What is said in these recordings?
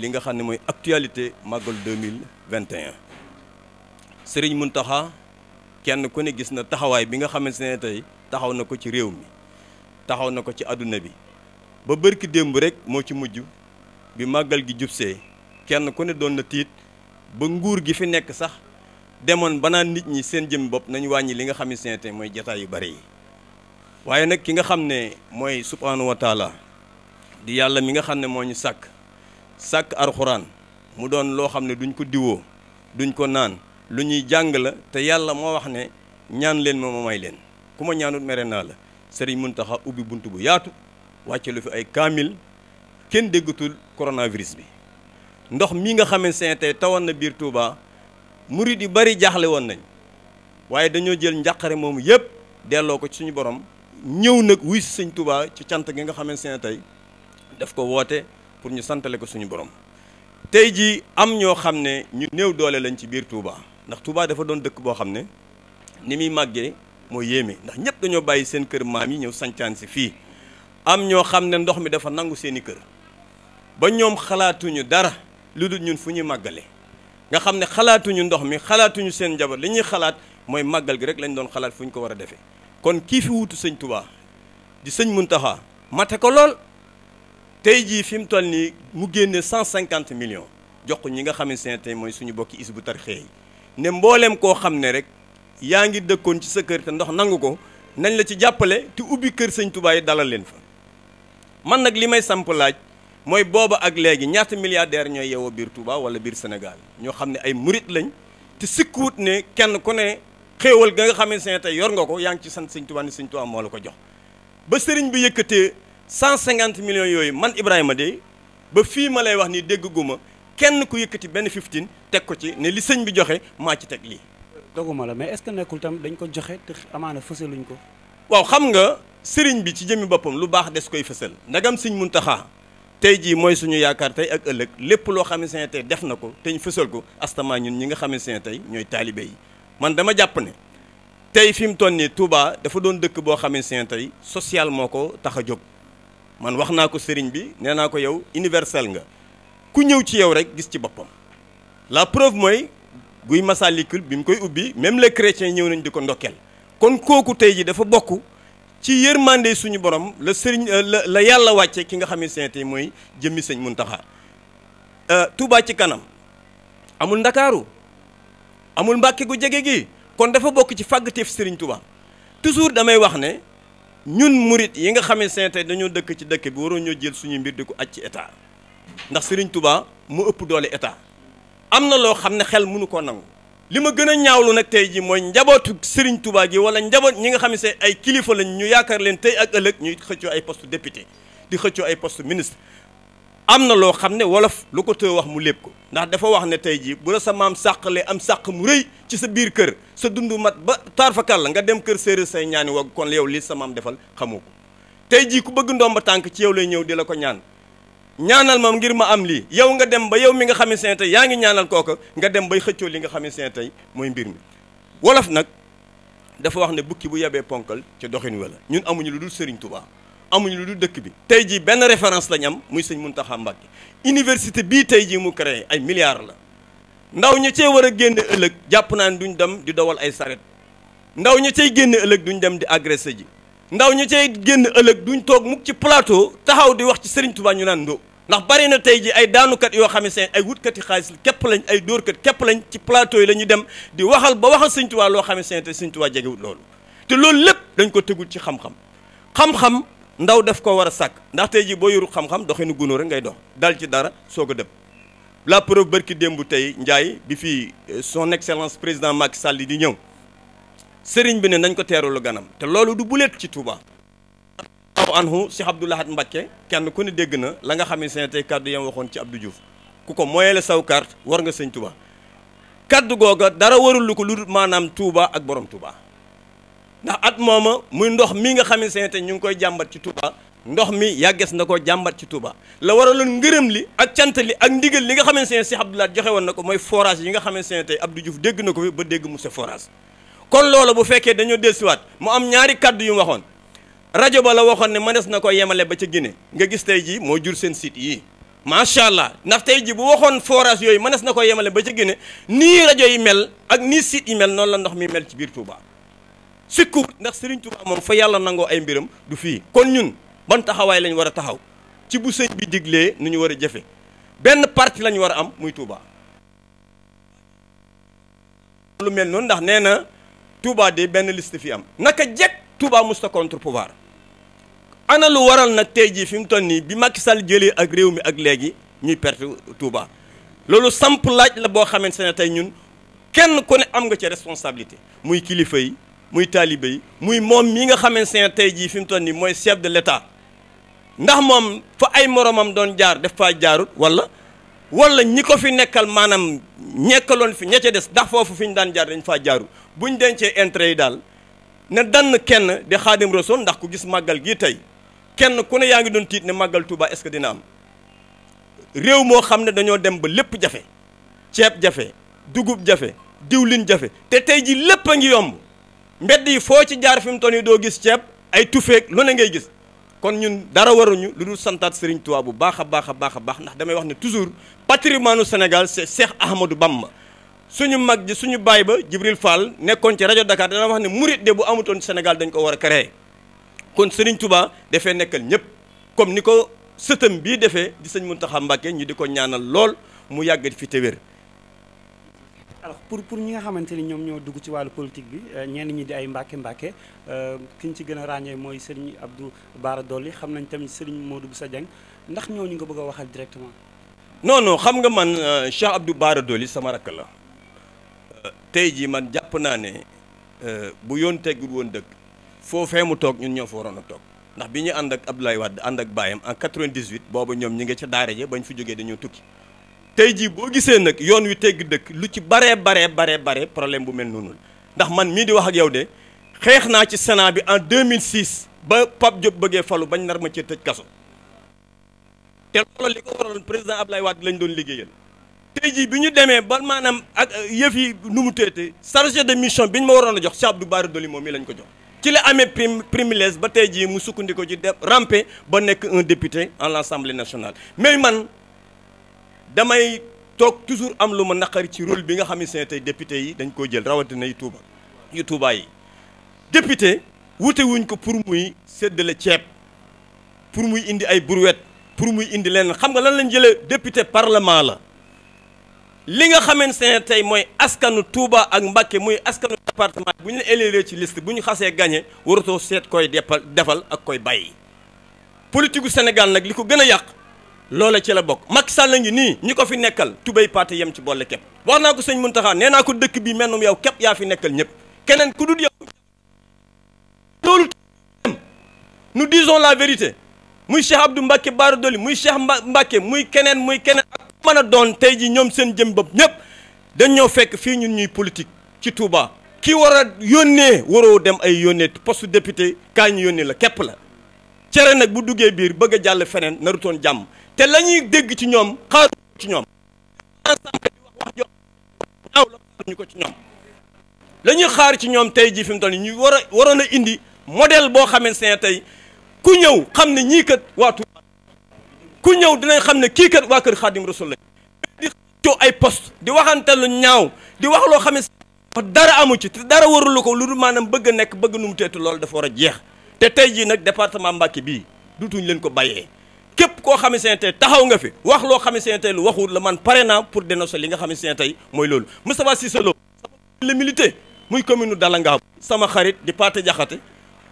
li nga xam ne mooy actualité màggal sëriñ Serigne Mountakha kenn ku ne gis na taxawaay bi nga xamante ne tey taxaw na ko ci réew mi taxaw na ko ci àdduna bi ba bërki démb rek moo ci mujj bi màggal gi jubsee kenn ku ne doon na tiit ba nguur gi fi nekk sax demoon ba nit ñi seen jëm bopp nañu wàññi li nga xam ne tey mooy jataay yu bari yi waaye nag ki nga xam ne mooy subhaanahu di yàlla mi nga xam ne moo ñu sàkk sàkk arxuraan mu doon loo xam ne duñ ko diwoo duñ ko naan lu ñuy jàng la te yàlla moo wax ne ñaan leen ma ma may leen ku ma ñaanut mere naa la sëriñ Muntaxa ubbi bunt bu yaatu wàcce lu fi ay kaamil kenn déggatul coronavirus bi ndox mi nga xamee sen tey tawoon na biir Touba murid yi bari jaaxle woon nañ waaye dañoo jël njàqare moomu yëpp delloo ko ci suñu borom ñëw nag wuy si sëñ Touba ci cant gi nga xamee sen tey daf ko woote pour ñu santale ko suñu borom tey jii am ñoo xam ne ñu néew doole lañ ci biir Touba ndax Touba dafa doon dëkk boo xam ne ni muy màggee moo yéeme ndax ñëpp dañoo bàyyi seen kër maam yi ñëw sancaan si fii am ñoo xam ne ndox mi dafa nangu seen i kër ba ñoom xalaatuñu dara lu dul ñun fu ñuy màggale nga xam ne xalaatuñu ndox mi xalaatuñu seen njaboot li ñuy xalaat mooy màggal gi rek lañ doon xalaat fu ñu ko war a defee kon kii fi wutu sëñ Touba di sëñ tey jii fi mu toll nii mu génne cent cinquante millions jox ko ñi nga xamante ne tey mooy suñu bokki is bu tarxee yi ne mbooleem koo xam ne rek yaa ngi dëkkoon ci sa kër te ndox nangu ko nañ la ci jàppale te ubbi kër sëñ Tuubaa yi dalal leen fa man nag li may samp laaj mooy booba ak léegi ñaata milliardaire ñooy yeewoo biir tubaa wala biir Sénégal ñoo xam ne ay murit lañ te sikkuut ne kenn ku ne xéewal ga nga xamante ne tey yor nga ko yaa ngi ci sant sëñ Tuubaa ni moo la ko jox cent cinquante millions yooyu man Ibrahima de ba fii ma lay wax ni dégg guma kenn ku yëkkati benn teg ko ci ne li sëñ bi joxe maa ci teg lii. doguma la mais est nekkul tam dañ ko joxe te amaana fësaluñ ko. waaw xam nga sëriñ bi ci jëmmi boppam lu baax des koy fësal ndagam mun Muntaxa tey jii mooy suñu yaakaar tey ak ëllëg lépp loo xamante ne tey def na ko te ñu fësal ko astama ñun ñi nga xamante ne tey ñooy taalibe yi man dama jàpp ne tey fi mu toll nii Touba dafa doon dëkk boo xamante ne tey social moo ko tax a jóg. man wax naa ko sëriñ bi nee naa ko yow universel nga ku ñëw ci yow rek gis ci boppam la preuve mooy guy Massalikul bi mu koy ubbi même les chrétiens ñëw nañ di ko ndokkeel kon kooku tey ji dafa bokk ci yërmande suñu borom la sëriñ euh, la la yàlla wàcce ki nga xam ne seente mooy jëmmi sëñ mun Muntaxa euh, Tuubaa ci kanam amul ndakaaru amul mbàkke gu jege gi kon dafa bokk ci fàggateef sëriñ Tuubaa toujours damay wax ne ñun murit yi nga xamee seen tey dañoo dëkk ci dëkk bi waroon ñoo jël suñu mbir di ko aj ci état ndax sëriñ Touba mu ëpp doole état am na loo xam ne xel mënu ko nangu li ma gën a ñaawlu nag tey jii mooy njabootu Serigne tubaa gi wala njaboot ñi nga xam ne seen ay kilifa lañ ñu yaakaar leen tey ak ëllëg ñuy xëccoo ay poste député di xëccoo ay poste ministre am na loo xam ne wolof lu ko tëw wax mu lépp ko ndax dafa wax ne tey jii bu la sa maam sàqalee am sàq mu rëy ci sa biir kër sa dund mat ba tarfakal la nga dem kër séeréer say ñaani wagg kon yow lii sa maam defal xamu ko tey jii ku bëgg ndomba tànk ci yow lay ñëw di la ko ñaan ñaanal ma ngir ma am lii yow nga dem ba yow mi nga xam ne seen tey yaa ngi ñaanal kooka nga dem bay xëccoo li nga xam ne seen tey mooy mbir mi wolof nag dafa wax ne bukki bu yebee ponkal ci doxin wala ñun amuñu lu dul Sëriñ Tuubaa amuñ lu dul dëkk bi tey jii benn référence lañ am muy sëñ Mountakha Mbacké université bii tey jii mu créé ay milliards la ndaw ñu cee war a génn ëllëg jàpp naa ne duñ dem di dawal ay saret ndaw ñu cay génn ëllëg duñ dem di agressé ji ndaw ña cay génn ëllëg duñ toog mukk ci plateau taxaw di wax ci Serigne Touba ñu naan ndo ndax bari na tey ji ay daanukat yoo xam ne seen ay wutkati xaalis képp lañ ay dóorkat képp lañ ci plateau yi la ñuy dem di waxal ba waxal Serigne Touba loo xam ne seen te Serigne Touba loolu te loolu lépp dañ ko tegul ci xam ndaw def ko war a sàkk ndax tey ji boo yoru xam-xam doxinu gunóor rek ngay dox dal ci dara soo ko dëpp la preuve bërki démb tey njaay bi fii euh, son excellence président Macky Sall di ñëw sëriñ bi ne nañ ko teeralu ganam te loolu du buleet ci Touba aw anhu Cheikh Abdou Lahad Mbacké kenn ku ne dégg na la nga xam ne seen tey kàddu yam waxoon ci Abdou Diouf ku ko moyele saw carte war nga sëñ Touba kàddu googa dara warul lu ko lu maanaam Touba ak boroom Touba ndax at mooma muy ndox mi nga xamante ne ñu ngi koy jàmbat ci Touba ndox mi yàgges na ko jàmbat ci Touba la waraloon ngërëm li ak cant li ak ndigal li nga xamante ne si Abdoulaye joxe woon na ko mooy forage yi nga xamante ne tey Abdou Diouf dégg na ko fi ba dégg mu sa forage kon loola bu fekkee dañoo dellusiwaat mu am ñaari kaddu yu waxoon rajo ba la waxoon ne mënees na ko yemale ba ca Guinée nga gis tey jii moo jur seen site yi macha allah ndax tey jii bu waxoon forage yooyu mënees na ko yemale ba ca Guinée nii rajo yi mel ak nii site yi noonu la ndox mi mel ci biir Touba sikku ndax Serigne Touba moom fa yàlla nangoo ay mbiram du fii kon ñun ban taxawaay lañ war a taxaw ci bu sëñ bi diglee nu ñu war a jëfe benn parti lañu war a am muy Touba. lu mel noonu ndax nee na Touba de benn liste fi am naka jekk mu musta contre pouvoir ana lu waral nag tey jii fi mu toll nii bi Macky Sall ak réew mi ak léegi ñuy perte tuuba loolu samp laaj la boo xamante ne tey ñun kenn ku ne am nga ci responsabilité muy kilifa yi. muy taalibe yi muy moom mi nga xamante ne tey jii fi mu toll nii mooy chef de l'État ndax moom fa ay moromam doon jaar def faa jaarut wala wala ñi ko fi nekkal maanaam ñekkaloon fi ña ca des ndax foofu fi ñu daan jaar dañ faa jaarut buñ dencee intérêt yi daal ne dann kenn di xaadim rasul ndax ku gis màggal gi tey kenn ku ne yaa ngi doon tiit ne màggal Touba est que dina am réew moo xam ne dañoo dem ba lépp jafe ceeb jafe dugub jafe diwlin jafe te tey ji lépp a ngi yomb mbedd yi foo ci jaar fi mu toll nii doo gis ceeb ay tufeeg lu ne ngay gis kon ñun dara waruñu lu dul santaat Serigne Touba bu baax a baax a baax a baax ndax damay wax ne toujours patrimoine senegal c'est Cheikh bam ma suñu mag ji suñu baay ba Jibril Fall nekkoon ci rajo Dakar dana wax ne murit de bu amutoon Sénégal dañ ko war a créer kon Serigne Touba defee nekkal ñëpp comme ni ko sëtam bii defee di sañ sëñ Mountakha Mbacké ñu di ko ñaanal lool mu yàgg fi te alors pour pour ñi nga xamante ni ñoom ñoo dugg ci wàllu politique bi euh, ñenn ñi di ay mbàkke mbàkke euh, ki ñu ci gën a ràññee mooy sëriñ Abdou Bara Dolly xam nañ tamit sëriñ Modou sa jang ndax ñoo ñu nga bëgg a waxal directement. non non xam nga man euh, Cheikh Abdou Bara Dolly sama rakk la tey jii man jàpp naa ne bu yoon teggul woon dëkk foofee mu toog ñun ñoo fa waroon a toog ndax bi ñu ànd ak Abdoulaye Wade ànd ak baayam en 98 boobu ñoom ñi nga ca daara ja bañ fi jógee dañoo tukki. tey jii boo gisee nag yoon wi tegg dëkk lu ci baree baree baree bare problème bu mel noonu ndax man mii di wax ak yow de xeex naa ci Sénat bi en 2006 ba Pape Diop bëggee falu bañ nar ma ci tëj kaso te loolu li ko waraloon président Abdoulaye Wade lañu doon liggéeyal tey jii bi ñu demee ba maanaam ak yëf yi nu mu de mission bi ñu ma waroon a jox Cheikh Abdou Bara Dolly moom mi lañ ko jox ci la amee prime privilège ba tey jii mu sukkandiku ci def rampe ba nekk un député en l'Assemblée nationale mais man damay toog toujours am lu ma naqari ci rôle bi nga xam ne tey député yi dañ koo jël rawatina yu Touba yu Touba yi député wute wuñ ko pour muy séddale ceeb pour muy indi ay brouette pour muy indi lenn xam nga lan lañ jëlee député parlement la li nga xamante ne tey mooy askanu Touba ak Mbacké muy askanu département bu ñu la élire ci liste bu ñu xasee gagné waratoo seet koy defal ak koy bàyyi politique gu Sénégal nag li ko gën a yàq loola ci la bokk mag Sall ngi nii ñi ko fi nekkal tubéy paate yem ci boole képp wax naa ko sëñ Mountakha nee naa ko dëkk bi mennum yow képp yaa fi nekkal ñëpp keneen ku dul yow loolu nous la vérité muy Cheikh Abdou Mbacké Bara Dolly muy Cheikh Mbacké muy keneen muy keneen ak mën a doon tey ji ñoom seen jëm bopp ñëpp dañ ñoo fekk fii ñun ñuy politique ci Touba ki war a yónnee waroo dem ay yónnee poste député kaa ñu yónnee la képp la cere nag bu duggee biir bëgg jàll feneen narutoon jàmm te la ñuy dégg ci ñoom xaaru ci ñoom ensemble bi jox ñaaw la ñu ko ci ñoom la xaar ci ñoom tey jii fi mu toll ñu war a waroon a indi modèle boo xamante ne tey ku ñëw xam ne ñii kat waatu ku ñëw dinañ xam ne kii kër waa kër Xaadim Rasul la di xëccoo ay poste di waxante lu ñaaw di wax loo xam ne wax dara amu ci te dara warulu ko lu dul maanaam bëgg a nekk bëgg nu mu teetu loolu dafa war a jeex te tey jii nag département Mbacké bii dutuñ leen ko bàyyee képp koo xamante ne tey taxaw nga fi wax loo xamante ne tey lu waxul la man pare naa pour dénoncer li nga xamante ne tey mooy loolu mu Cissé Lo milité muy commune Dalangaabu sama xarit di Pathé Diakhaté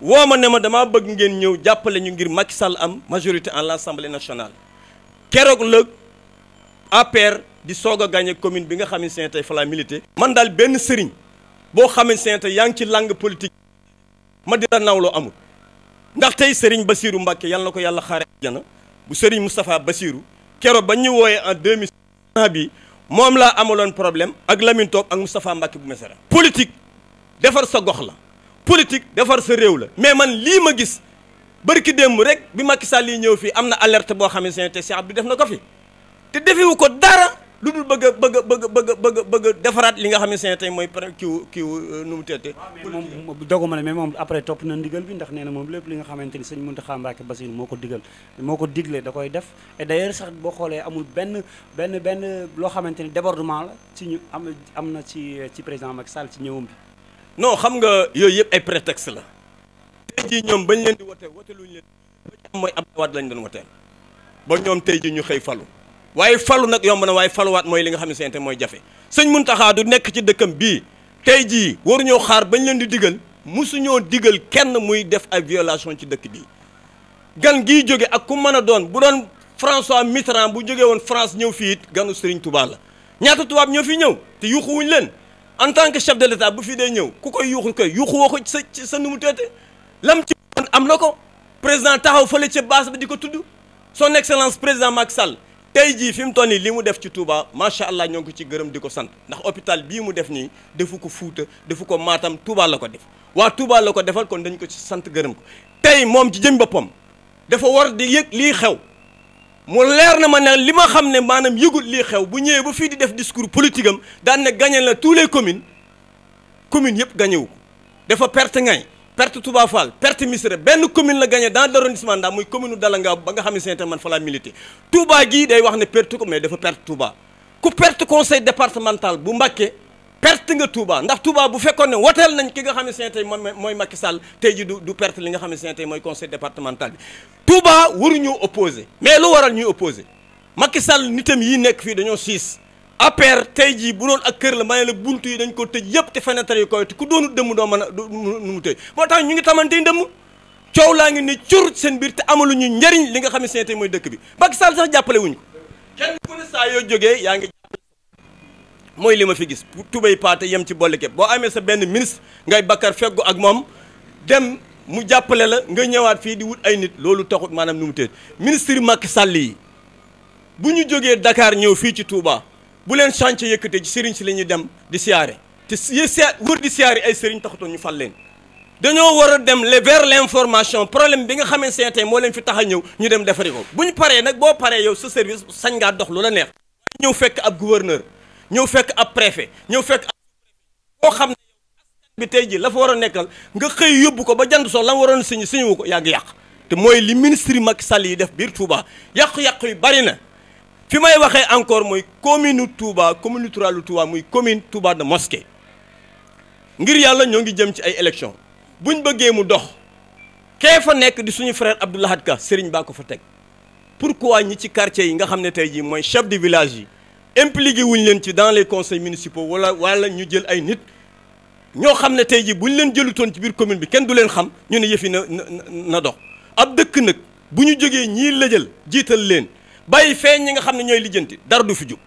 woo ma ne ma damaa bëgg ngeen ñëw jàppale ñu ngir Macky Sall am majorité en l'Assemblée nationale keroog la APR di soog a gagné commune bi nga xamante ne tey fa milité man daal benn sëriñ boo xamante ne tey yaa ngi ci langue politique ma di la nawloo amul ndax tey sëriñ Bassirou Mbacké yàlla ko yàlla xaare jana bu Serigne Moustapha Bassirou keroog ba ñu wooyee en 2000 bi moom laa amaloon problème ak lamintoog Top ak Moustapha Mbacké bu Mesara politique defar sa gox la politique defar sa réew la mais man lii ma gis bërki démb rek bi Macky Sall yi ñëw fii am na alerte boo xam ne te Cheikh Abdou def na ko fi te defewu ko dara lu dul bëgg a bëgg a bëgg a bëgg a bëgg a defaraat li nga xam ne seen tey mooy kiw kiw euh, nu mu teete moom doguma ne mais moom après topp na ndigal bi ndax nee na moom lépp li nga xamante ni sëñ Mountakha Mbacké Bassirou moo ko digal moo ko diglee da koy def et d'ailleurs sax boo xoolee amul benn benn benn loo xamante ni débordement la ci ñu am am na ci ci président Macky Sall ci ñëwam bi non xam nga yooyu yëpp ay prétexte la tey jii ñoom bañ leen di wote wote luñu leen mooy Abdoulaye Wade lañ doon woteel ba ñoom tey jii ñu xëy falu waaye falu nag yomb na waaye faluwaat mooy li nga xam ne seente mooy jafe mun Muntaxa du nekk ci dëkkam bii tey jii waruñoo xaar bañ leen di digal musuñoo digal kenn muy def ay violation ci dëkk bii gan gii jóge ak ku mën a doon bu doon François Mitterrand bu jógee woon France ñëw fii it ganu Serigne Touba la ñaata tubaab ñoo fi ñëw te yuuxuwuñ leen en tant que chef de l'état bu fi dee ñëw ku koy yuuxu koy yuuxuwoo ko sa sa nu mu teete lam ci am na ko président taxaw fële ca base ba di ko tudd son excellence président Macky Sall tey jii fi mu toll nii li mu def ci Touba macha allah ñoo ngi ko ci gërëm di ko sant ndax hôpital bii mu def nii defu ko Fuuta defu ko maatam Touba la ko def waa tuubaa la ko defal kon dañ ko ci sant gërëm ko tey moom ci jëm boppam dafa war di yëg lii xew mu leer na ma ne li ma xam ne maanaam yëgul lii xew bu ñëwee ba fii di def discours politique am daan ne gagné la tous les communes communes yëpp gagné wu ko dafa perte ngay perte Touba Fall perte Missirah benn commune la gagné dans l'arrondissement ndax muy commune Dalanga ba nga xam ne seen man fa laa milité Touba gii day wax ne perte ko mais dafa perte Touba ku perte conseil départemental bu Mbacké perte nga Touba ndax Touba bu fekkoon ne woteel nañ ki nga xam ne seen tey moom mooy Macky Sall tey ji du du perte li nga xam ne seen tey mooy conseil départemental bi Touba waruñoo opposé mais lu waral ñuy opposé Macky Sall nitam yi nekk fii dañoo siis APR tey jii bu doon ak kër la ma ne la buntu yi dañ koo tëj yëpp te fenêtre yi koy te ku doonut dëmm doo mën a nu mu tëj moo tax ñu ngi tamante dëmm coow laa ngi ne cur seen biir te amaluñu njëriñ li nga xam ne seen tey mooy dëkk bi Macky Sall sax ko kenn saa yoo jógee yaa ngi mooy li ma fi gis tubay paate yem ci boole képp boo amee sa benn ministre ngay bakkar feggu ak moom dem mu jàppale la nga ñëwaat fii di wut ay nit loolu taxut maanaam nu mu tëj ministre Macky Sall yi bu ñu jógee dakaar ñëw fii ci Touba bu leen chantier yëkkatee ci sëriñ si la ñuy dem di siyaare te yi si wër di siyaare ay sëriñ taxutoon ñu fal leen dañoo war a dem le vers l'information problème bi nga xamee seen tey moo leen fi tax a ñëw ñu dem defari ko bu ñu paree nag boo paree yow sa service bu sañ ngaa dox lu la neex ñëw fekk ab gouverneur ñëw fekk ab préfet ñëw fekk ab boo xam ne bi tey ji la fa war a nekkal nga xëy yóbbu ko ba jant soo la waroon siñu siñu ko yàgg yàq te mooy li ministre Macky Sall def biir Touba yàqu-yàqu yi bari na fi may waxee encore mooy commune Touba commune rurale Touba muy commune Touba de Mosquée ngir yàlla ñoo ngi jëm ci ay bu ñu bëggee mu dox kee fa nekk di suñu frère Abdou Lahad Ka Serigne baa ko fa teg pour pourquoi ñi ci quartier yi nga xam ne tey jii mooy chef de village yi impliqué wuñ leen ci dans les conseils municipaux wala wala ñu jël ay nit ñoo xam ne tey jii bu ñu leen jëlutoon ci biir commune bi kenn du leen xam ñu ne yëfi na na dox ab dëkk nag bu ñu jógee ñii la jël jiital leen. bàyyi feeñ ñi nga xam ne ñooy lijjanti dara du fi jub